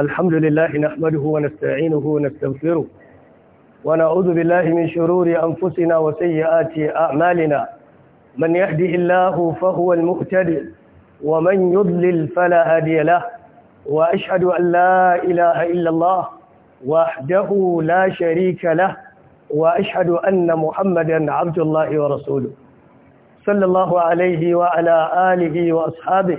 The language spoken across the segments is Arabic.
الحمد لله نحمده ونستعينه ونستغفره ونعوذ بالله من شرور أنفسنا وسيئات أعمالنا من يهده الله فهو المهتد ومن يضلل فلا هادي له وأشهد أن لا إله إلا الله وحده لا شريك له وأشهد أن محمدا عبد الله ورسوله صلى الله عليه وعلى آله وأصحابه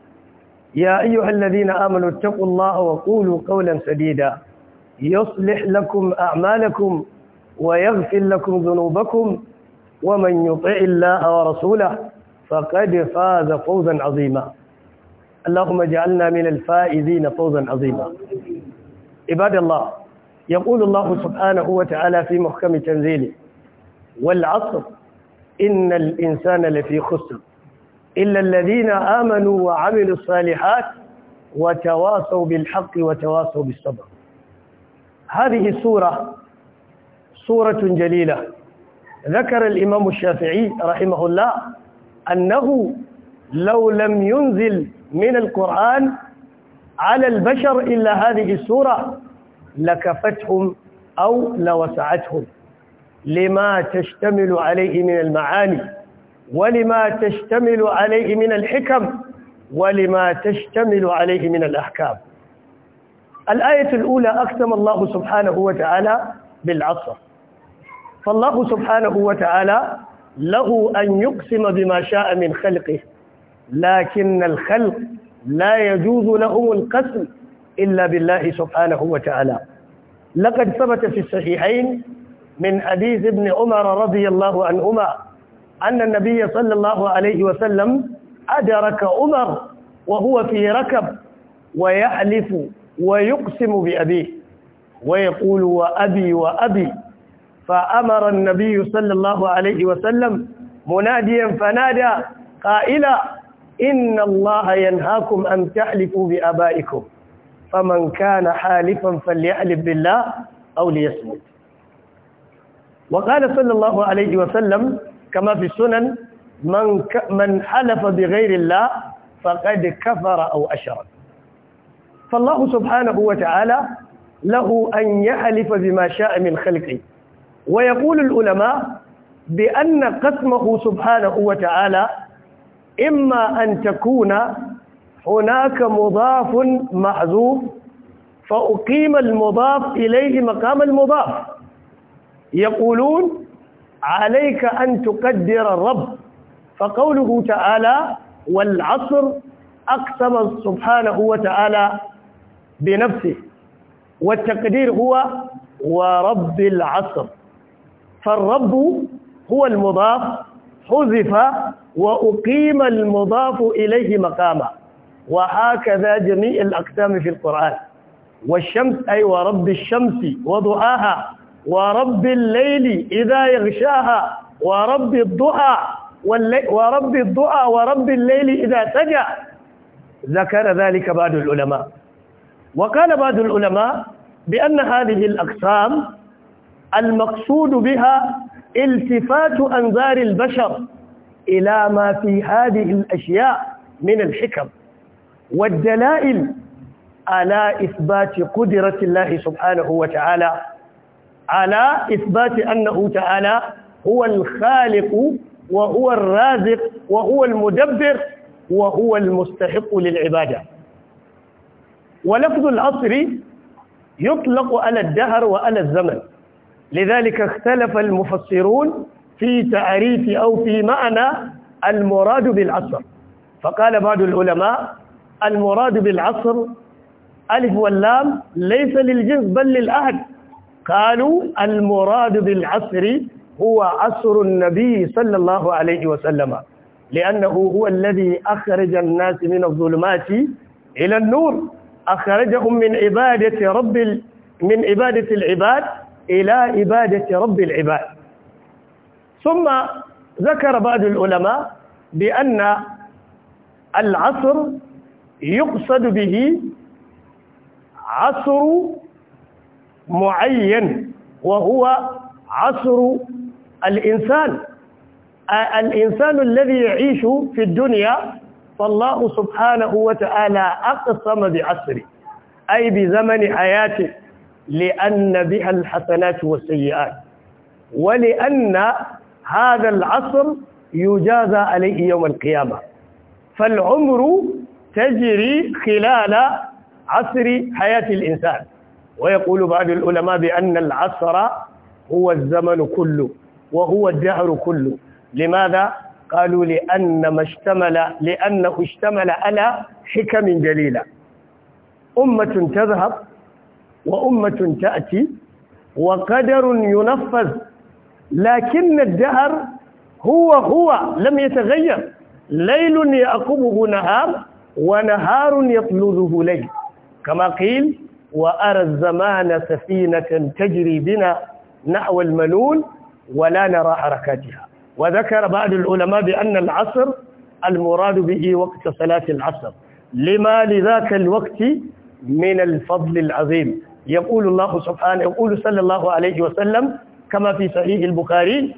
يا أيها الذين آمنوا اتقوا الله وقولوا قولا سديدا يصلح لكم أعمالكم ويغفر لكم ذنوبكم ومن يطع الله ورسوله فقد فاز فوزا عظيما اللهم اجعلنا من الفائزين فوزا عظيما عباد الله يقول الله سبحانه وتعالى في محكم تنزيله والعصر إن الإنسان لفي خسر إلا الذين آمنوا وعملوا الصالحات وتواصوا بالحق وتواصوا بالصبر هذه السورة سورة جليلة ذكر الإمام الشافعي رحمه الله أنه لو لم ينزل من القرآن على البشر إلا هذه السورة لكفتهم أو لوسعتهم لما تشتمل عليه من المعاني ولما تشتمل عليه من الحكم ولما تشتمل عليه من الأحكام الآية الأولى أقسم الله سبحانه وتعالى بالعصر فالله سبحانه وتعالى له أن يقسم بما شاء من خلقه لكن الخلق لا يجوز لهم القسم إلا بالله سبحانه وتعالى لقد ثبت في الصحيحين من حديث ابن عمر رضي الله عنهما أن النبي صلى الله عليه وسلم أدرك عمر وهو في ركب ويحلف ويقسم بأبيه ويقول وأبي وأبي فأمر النبي صلى الله عليه وسلم مناديا فنادى قائلا إن الله ينهاكم أن تحلفوا بآبائكم فمن كان حالفا فليحلف بالله أو ليصمت وقال صلى الله عليه وسلم كما في السنن من من حلف بغير الله فقد كفر أو أشرك فالله سبحانه وتعالى له أن يحلف بما شاء من خلقه ويقول العلماء بأن قسمه سبحانه وتعالى إما أن تكون هناك مضاف محذوف فأقيم المضاف إليه مقام المضاف يقولون عليك أن تقدر الرب فقوله تعالى والعصر أقسم سبحانه وتعالى بنفسه والتقدير هو ورب العصر فالرب هو المضاف حذف وأقيم المضاف إليه مقاما وهكذا جميع الأقسام في القرآن والشمس أي ورب الشمس وضعاها ورب الليل إذا يغشاها ورب الضحى ورب الضحى ورب الليل إذا سجى ذكر ذلك بعض العلماء وقال بعض العلماء بأن هذه الأقسام المقصود بها التفات أنظار البشر إلى ما في هذه الأشياء من الحكم والدلائل على إثبات قدرة الله سبحانه وتعالى على إثبات أنه تعالى هو الخالق وهو الرازق وهو المدبر وهو المستحق للعبادة ولفظ العصر يطلق على الدهر وعلى الزمن لذلك اختلف المفسرون في تعريف أو في معنى المراد بالعصر فقال بعض العلماء المراد بالعصر ألف واللام ليس للجنس بل للأهد قالوا المراد بالعصر هو عصر النبي صلى الله عليه وسلم لأنه هو الذي أخرج الناس من الظلمات إلى النور أخرجهم من عبادة رب من عبادة العباد إلى عبادة رب العباد ثم ذكر بعض العلماء بأن العصر يقصد به عصر معين وهو عصر الإنسان آه، الإنسان الذي يعيش في الدنيا فالله سبحانه وتعالى أقسم بعصره أي بزمن حياته لأن بها الحسنات والسيئات ولأن هذا العصر يجازى عليه يوم القيامة فالعمر تجري خلال عصر حياة الإنسان ويقول بعض العلماء بأن العصر هو الزمن كله وهو الدهر كله لماذا؟ قالوا لأن ما اشتمل لأنه اشتمل على حكم جليلة أمة تذهب وأمة تأتي وقدر ينفذ لكن الدهر هو هو لم يتغير ليل يأقبه نهار ونهار يطلبه ليل كما قيل وأرى الزمان سفينة تجري بنا نحو الملول ولا نرى حركاتها وذكر بعض العلماء بأن العصر المراد به وقت صلاة العصر لما لذاك الوقت من الفضل العظيم يقول الله سبحانه يقول صلى الله عليه وسلم كما في صحيح البخاري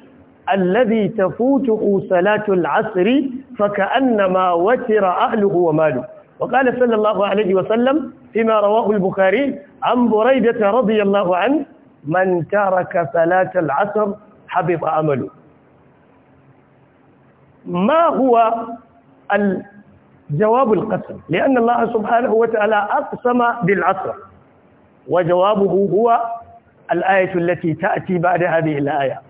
الذي تفوته صلاة العصر فكأنما وتر أهله وماله وقال صلى الله عليه وسلم فيما رواه البخاري عن بريدة رضي الله عنه من ترك صلاة العصر حبط عمله ما هو الجواب القسم لأن الله سبحانه وتعالى أقسم بالعصر وجوابه هو الآية التي تأتي بعد هذه الآية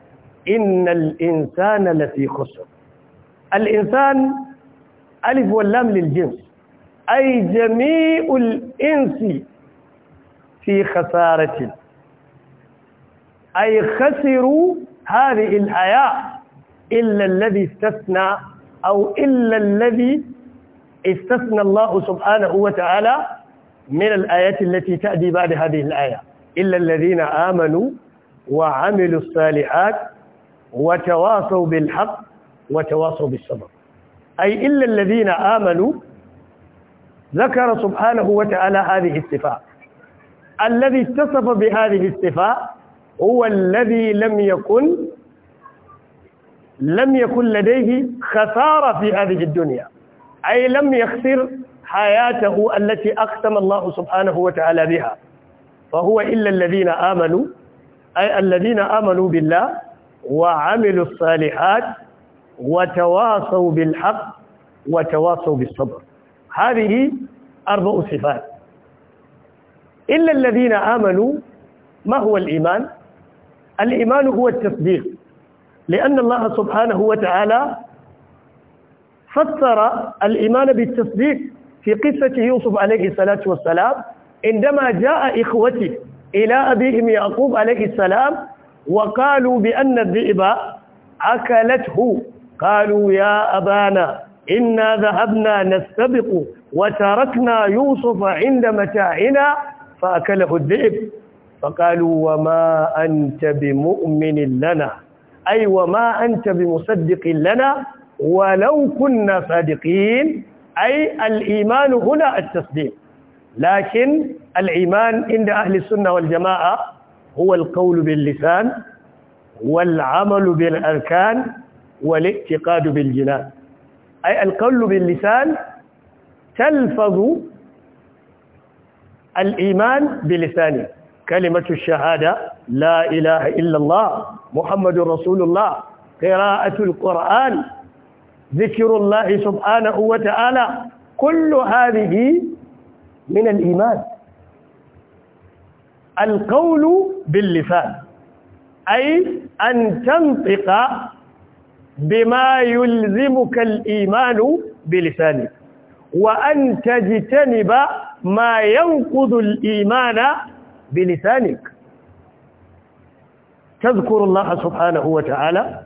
إن الإنسان لفي خسر الإنسان ألف واللام للجنس أي جميع الإنس في خسارة أي خسروا هذه الحياة إلا الذي استثنى أو إلا الذي استثنى الله سبحانه وتعالى من الآيات التي تأتي بعد هذه الآية إلا الذين آمنوا وعملوا الصالحات وتواصوا بالحق وتواصوا بالصبر أي إلا الذين آمنوا ذكر سبحانه وتعالى هذه الصفة الذي اتصف بهذه الصفة هو الذي لم يكن لم يكن لديه خسارة في هذه الدنيا أي لم يخسر حياته التي أقسم الله سبحانه وتعالى بها فهو إلا الذين آمنوا أي الذين آمنوا بالله وعملوا الصالحات وتواصوا بالحق وتواصوا بالصبر هذه أربع صفات إلا الذين آمنوا ما هو الإيمان الإيمان هو التصديق لأن الله سبحانه وتعالى فسر الإيمان بالتصديق في قصة يوسف عليه الصلاة والسلام عندما جاء إخوته إلى أبيهم يعقوب عليه السلام وقالوا بأن الذئب أكلته قالوا يا أبانا إنا ذهبنا نستبق وتركنا يوسف عند متاعنا فأكله الذئب فقالوا وما أنت بمؤمن لنا أي وما أنت بمصدق لنا ولو كنا صادقين أي الإيمان هنا التصديق لكن الإيمان عند أهل السنة والجماعة هو القول باللسان والعمل بالأركان والاعتقاد بالجنان أي القول باللسان تلفظ الإيمان بلسانه كلمة الشهادة لا إله إلا الله محمد رسول الله قراءة القرآن ذكر الله سبحانه وتعالى كل هذه من الإيمان القول باللسان أي أن تنطق بما يلزمك الإيمان بلسانك وأن تجتنب ما ينقض الإيمان بلسانك تذكر الله سبحانه وتعالى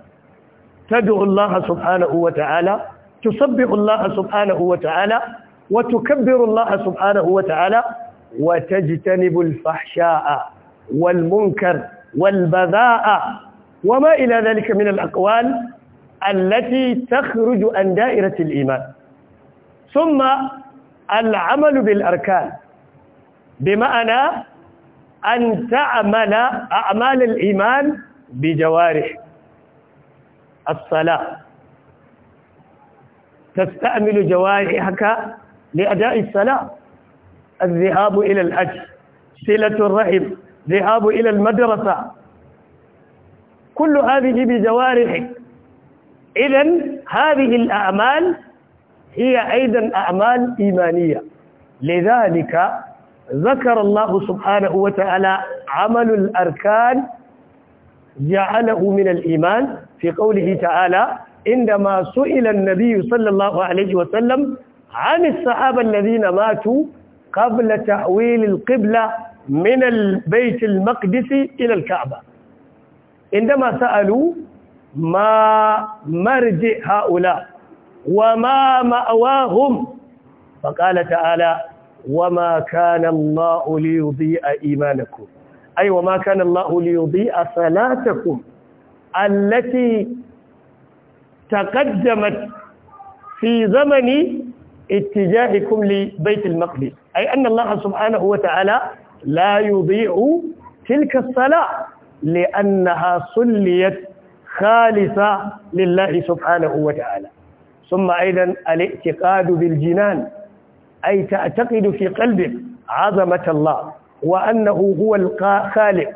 تدعو الله سبحانه وتعالى تسبح الله سبحانه وتعالى وتكبر الله سبحانه وتعالى وتجتنب الفحشاء والمنكر والبذاء وما إلى ذلك من الأقوال التي تخرج عن دائرة الإيمان ثم العمل بالأركان بمعنى أن تعمل أعمال الإيمان بجوارح الصلاة تستعمل جوارحك لأداء الصلاة الذهاب إلى الحج صلة الرحم ذهاب إلى المدرسة كل هذه بجوارحك إذا هذه الأعمال هي أيضا أعمال إيمانية لذلك ذكر الله سبحانه وتعالى عمل الأركان جعله من الإيمان في قوله تعالى عندما سئل النبي صلى الله عليه وسلم عن الصحابة الذين ماتوا قبل تحويل القبلة من البيت المقدس إلى الكعبة عندما سألوا ما مرجع هؤلاء وما مأواهم فقال تعالى وما كان الله ليضيء إيمانكم أي وما كان الله ليضيء صلاتكم التي تقدمت في زمن اتجاهكم لبيت المقدس أي أن الله سبحانه وتعالى لا يضيع تلك الصلاة لأنها صليت خالصة لله سبحانه وتعالى ثم أيضا الاعتقاد بالجنان أي تعتقد في قلبك عظمة الله وأنه هو الخالق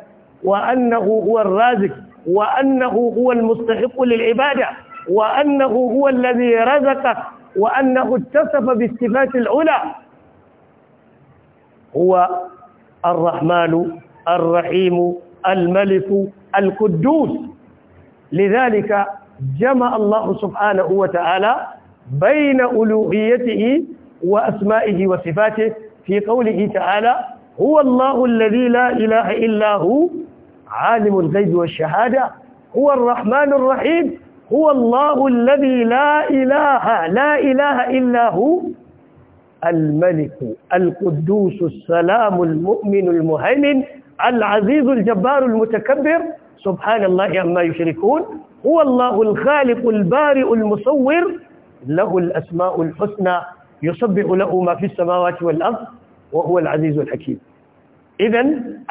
وأنه هو الرازق وأنه هو المستحق للعبادة وأنه هو الذي رزقك وأنه اتصف بالصفات العلى هو الرحمن الرحيم الملك القدوس لذلك جمع الله سبحانه وتعالى بين ألوهيته وأسمائه وصفاته في قوله تعالى هو الله الذي لا إله إلا هو عالم الغيب والشهادة هو الرحمن الرحيم هو الله الذي لا إله لا إله إلا هو الملك القدوس السلام المؤمن المهيمن العزيز الجبار المتكبر سبحان الله عما يشركون هو الله الخالق البارئ المصور له الأسماء الحسنى يصبح له ما في السماوات والأرض وهو العزيز الحكيم إذا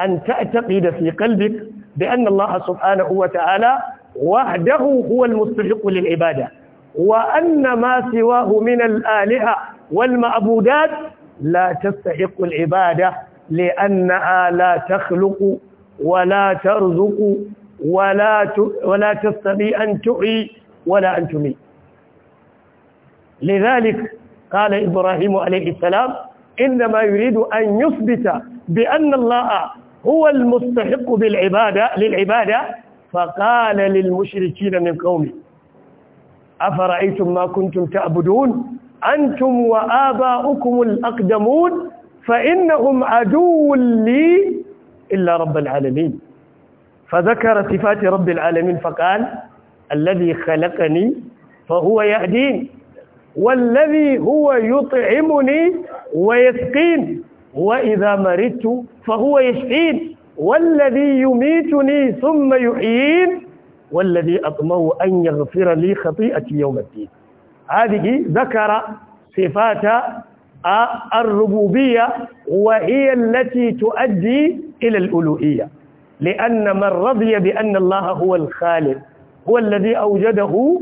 أن تعتقد في قلبك بأن الله سبحانه وتعالى وحده هو المستحق للعبادة وأن ما سواه من الآلهة والمعبودات لا تستحق العبادة لأنها لا تخلق ولا ترزق ولا ولا تستطيع أن تعي ولا أن تمي لذلك قال إبراهيم عليه السلام إنما يريد أن يثبت بأن الله هو المستحق بالعبادة للعبادة فقال للمشركين من قومه أفرأيتم ما كنتم تعبدون أنتم وآباؤكم الأقدمون فإنهم عدو لي إلا رب العالمين فذكر صفات رب العالمين فقال الذي خلقني فهو يهدين والذي هو يطعمني ويسقين وإذا مرضت فهو يشفين والذي يميتني ثم يحيين والذي أطمع أن يغفر لي خطيئتي يوم الدين هذه ذكر صفات الربوبية وهي التي تؤدي إلى الألوهية لأن من رضي بأن الله هو الخالق هو الذي أوجده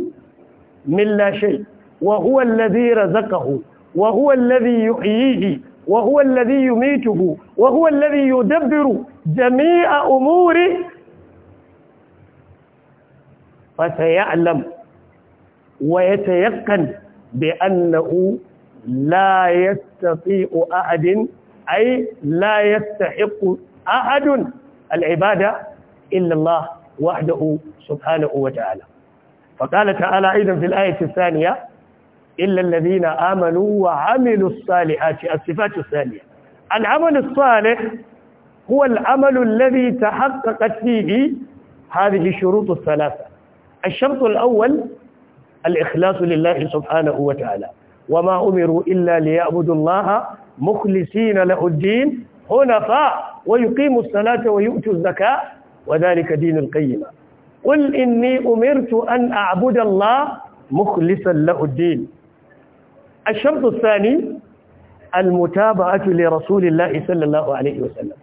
من لا شيء وهو الذي رزقه وهو الذي يحييه وهو الذي يميته وهو الذي يدبر جميع أموره فسيعلم ويتيقن بأنه لا يستطيع أحد أي لا يستحق أحد العبادة إلا الله وحده سبحانه وتعالى فقال تعالى أيضا في الآية الثانية إلا الذين آمنوا وعملوا الصالحات الصفات الثانية العمل الصالح هو العمل الذي تحققت فيه هذه الشروط الثلاثة الشرط الأول الإخلاص لله سبحانه وتعالى وما أمروا إلا ليعبدوا الله مخلصين له الدين هنفاء ويقيم الصلاة ويؤتوا الزكاة وذلك دين القيمة قل إني أمرت أن أعبد الله مخلصا له الدين الشرط الثاني المتابعة لرسول الله صلى الله عليه وسلم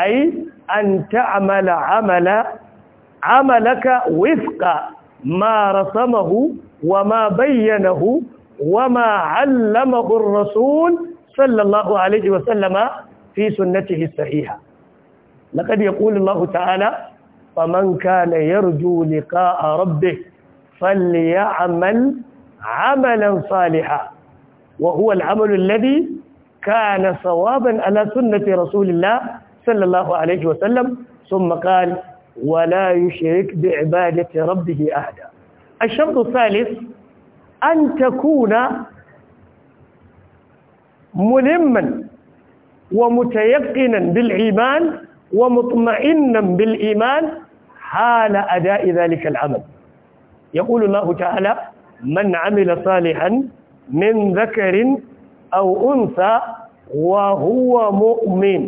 أي أن تعمل عمل عملك وفق ما رسمه وما بينه وما علمه الرسول صلى الله عليه وسلم في سنته الصحيحة لقد يقول الله تعالى فمن كان يرجو لقاء ربه فليعمل عملا صالحا وهو العمل الذي كان صوابا على سنة رسول الله صلى الله عليه وسلم ثم قال ولا يشرك بعبادة ربه أحدا الشرط الثالث أن تكون ملما ومتيقنا بالإيمان ومطمئنا بالإيمان حال أداء ذلك العمل يقول الله تعالى من عمل صالحا من ذكر أو أنثى وهو مؤمن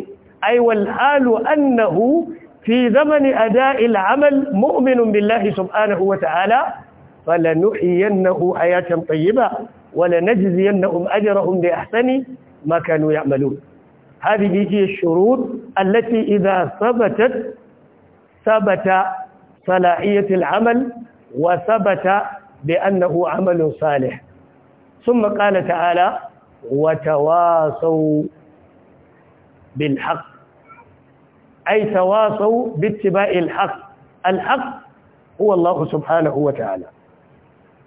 أي والحال أنه في زمن أداء العمل مؤمن بالله سبحانه وتعالى فلنحيينه حياة طيبة ولنجزينهم أجرهم بأحسن ما كانوا يعملون هذه هي الشروط التي إذا ثبتت ثبت صلاحية العمل وثبت بأنه عمل صالح ثم قال تعالى وتواصوا بالحق أي تواصوا باتباع الحق الحق هو الله سبحانه وتعالى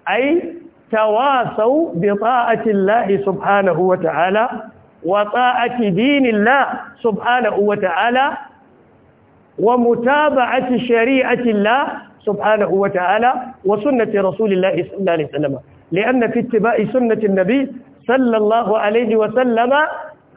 أي تواصوا بطاعة الله سبحانه وتعالى وطاعة دين الله سبحانه وتعالى ومتابعة شريعة الله سبحانه وتعالى وسنة رسول الله صلى الله عليه وسلم لأن في اتباع سنة النبي صلى الله عليه وسلم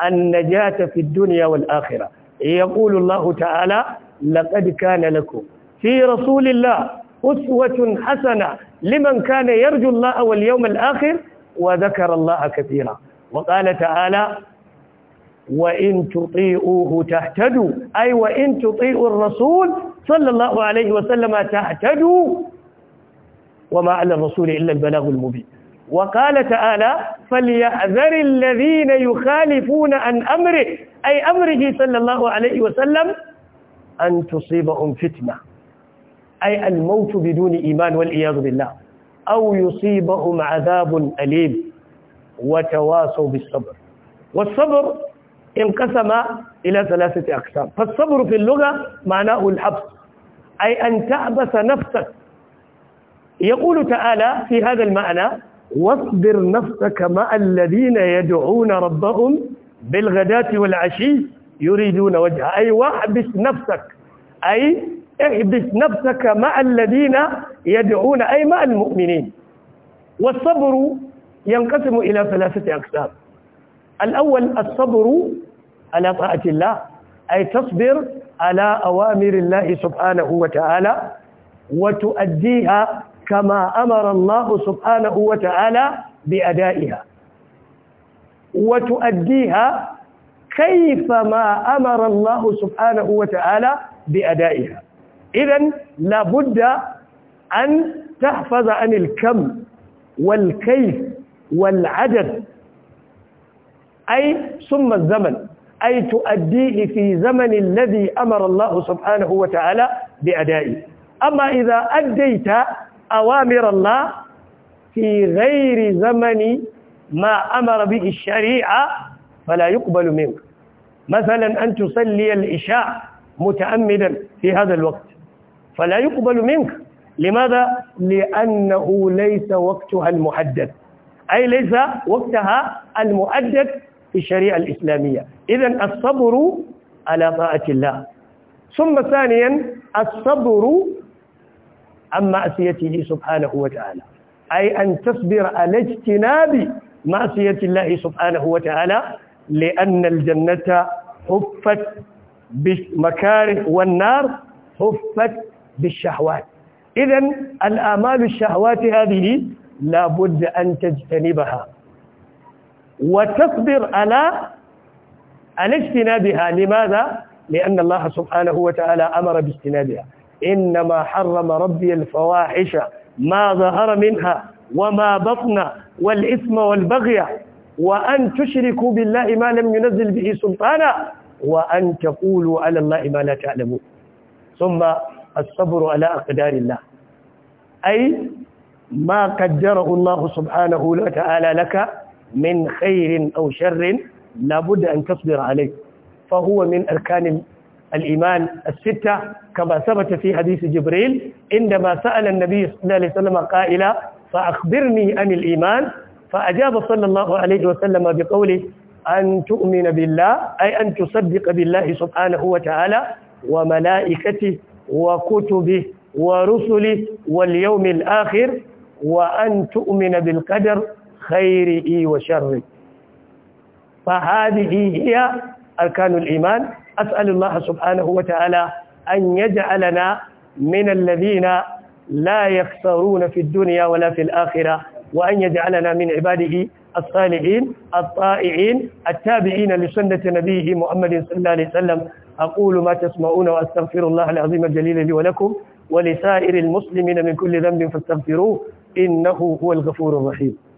النجاة في الدنيا والآخرة يقول الله تعالى لقد كان لكم في رسول الله أسوة حسنة لمن كان يرجو الله واليوم الآخر وذكر الله كثيرا وقال تعالى وإن تطيئوه تهتدوا أي وإن تطيئوا الرسول صلى الله عليه وسلم تهتدوا وما على الرسول إلا البلاغ المبين وقال تعالى فليحذر الذين يخالفون عن أمره أي أمره صلى الله عليه وسلم أن تصيبهم فتنة أي الموت بدون إيمان والعياذ بالله أو يصيبهم عذاب أليم وتواصوا بالصبر والصبر انقسم إلى ثلاثة أقسام فالصبر في اللغة معناه الحبس أي أن تعبس نفسك يقول تعالى في هذا المعنى واصبر نفسك مع الذين يدعون ربهم بالغداة والعشي يريدون وجهه أي واحبس نفسك أي احبس نفسك مع الذين يدعون أي مع المؤمنين والصبر ينقسم إلى ثلاثة أقسام الأول الصبر على طاعة الله أي تصبر على أوامر الله سبحانه وتعالى وتؤديها كما أمر الله سبحانه وتعالى بأدائها وتؤديها كيفما أمر الله سبحانه وتعالى بأدائها إذا لابد أن تحفظ عن الكم والكيف والعدد أي ثم الزمن أي تؤديه في زمن الذي أمر الله سبحانه وتعالى بأدائه أما إذا أديت أوامر الله في غير زمن ما أمر به الشريعة فلا يقبل منك مثلا أن تصلي العشاء متأمدا في هذا الوقت فلا يقبل منك لماذا؟ لأنه ليس وقتها المحدد أي ليس وقتها المؤدب في الشريعة الإسلامية إذا الصبر على طاعة الله ثم ثانيا الصبر عن معصيته سبحانه وتعالى أي أن تصبر على اجتناب معصية الله سبحانه وتعالى لأن الجنة حفت بالمكاره والنار حفت بالشهوات إذا الآمال الشهوات هذه لابد أن تجتنبها وتصبر على على اجتنابها لماذا؟ لأن الله سبحانه وتعالى أمر باجتنابها إنما حرم ربي الفواحش ما ظهر منها وما بطن والإثم والبغي وأن تشركوا بالله ما لم ينزل به سلطانا وأن تقولوا على الله ما لا تعلمون ثم الصبر على أقدار الله أي ما قدره الله سبحانه وتعالى لك من خير أو شر لابد أن تصبر عليه فهو من أركان الإيمان الستة كما ثبت في حديث جبريل عندما سأل النبي صلى الله عليه وسلم قائلا فأخبرني عن الإيمان فأجاب صلى الله عليه وسلم بقوله أن تؤمن بالله أي أن تصدق بالله سبحانه وتعالى وملائكته وكتبه ورسله واليوم الآخر وأن تؤمن بالقدر خيره وشره فهذه هي أركان الإيمان أسأل الله سبحانه وتعالى أن يجعلنا من الذين لا يخسرون في الدنيا ولا في الآخرة وأن يجعلنا من عباده الصالحين الطائعين التابعين لسنة نبيه محمد صلى الله عليه وسلم أقول ما تسمعون وأستغفر الله العظيم الجليل لي ولكم ولسائر المسلمين من كل ذنب فاستغفروه إنه هو الغفور الرحيم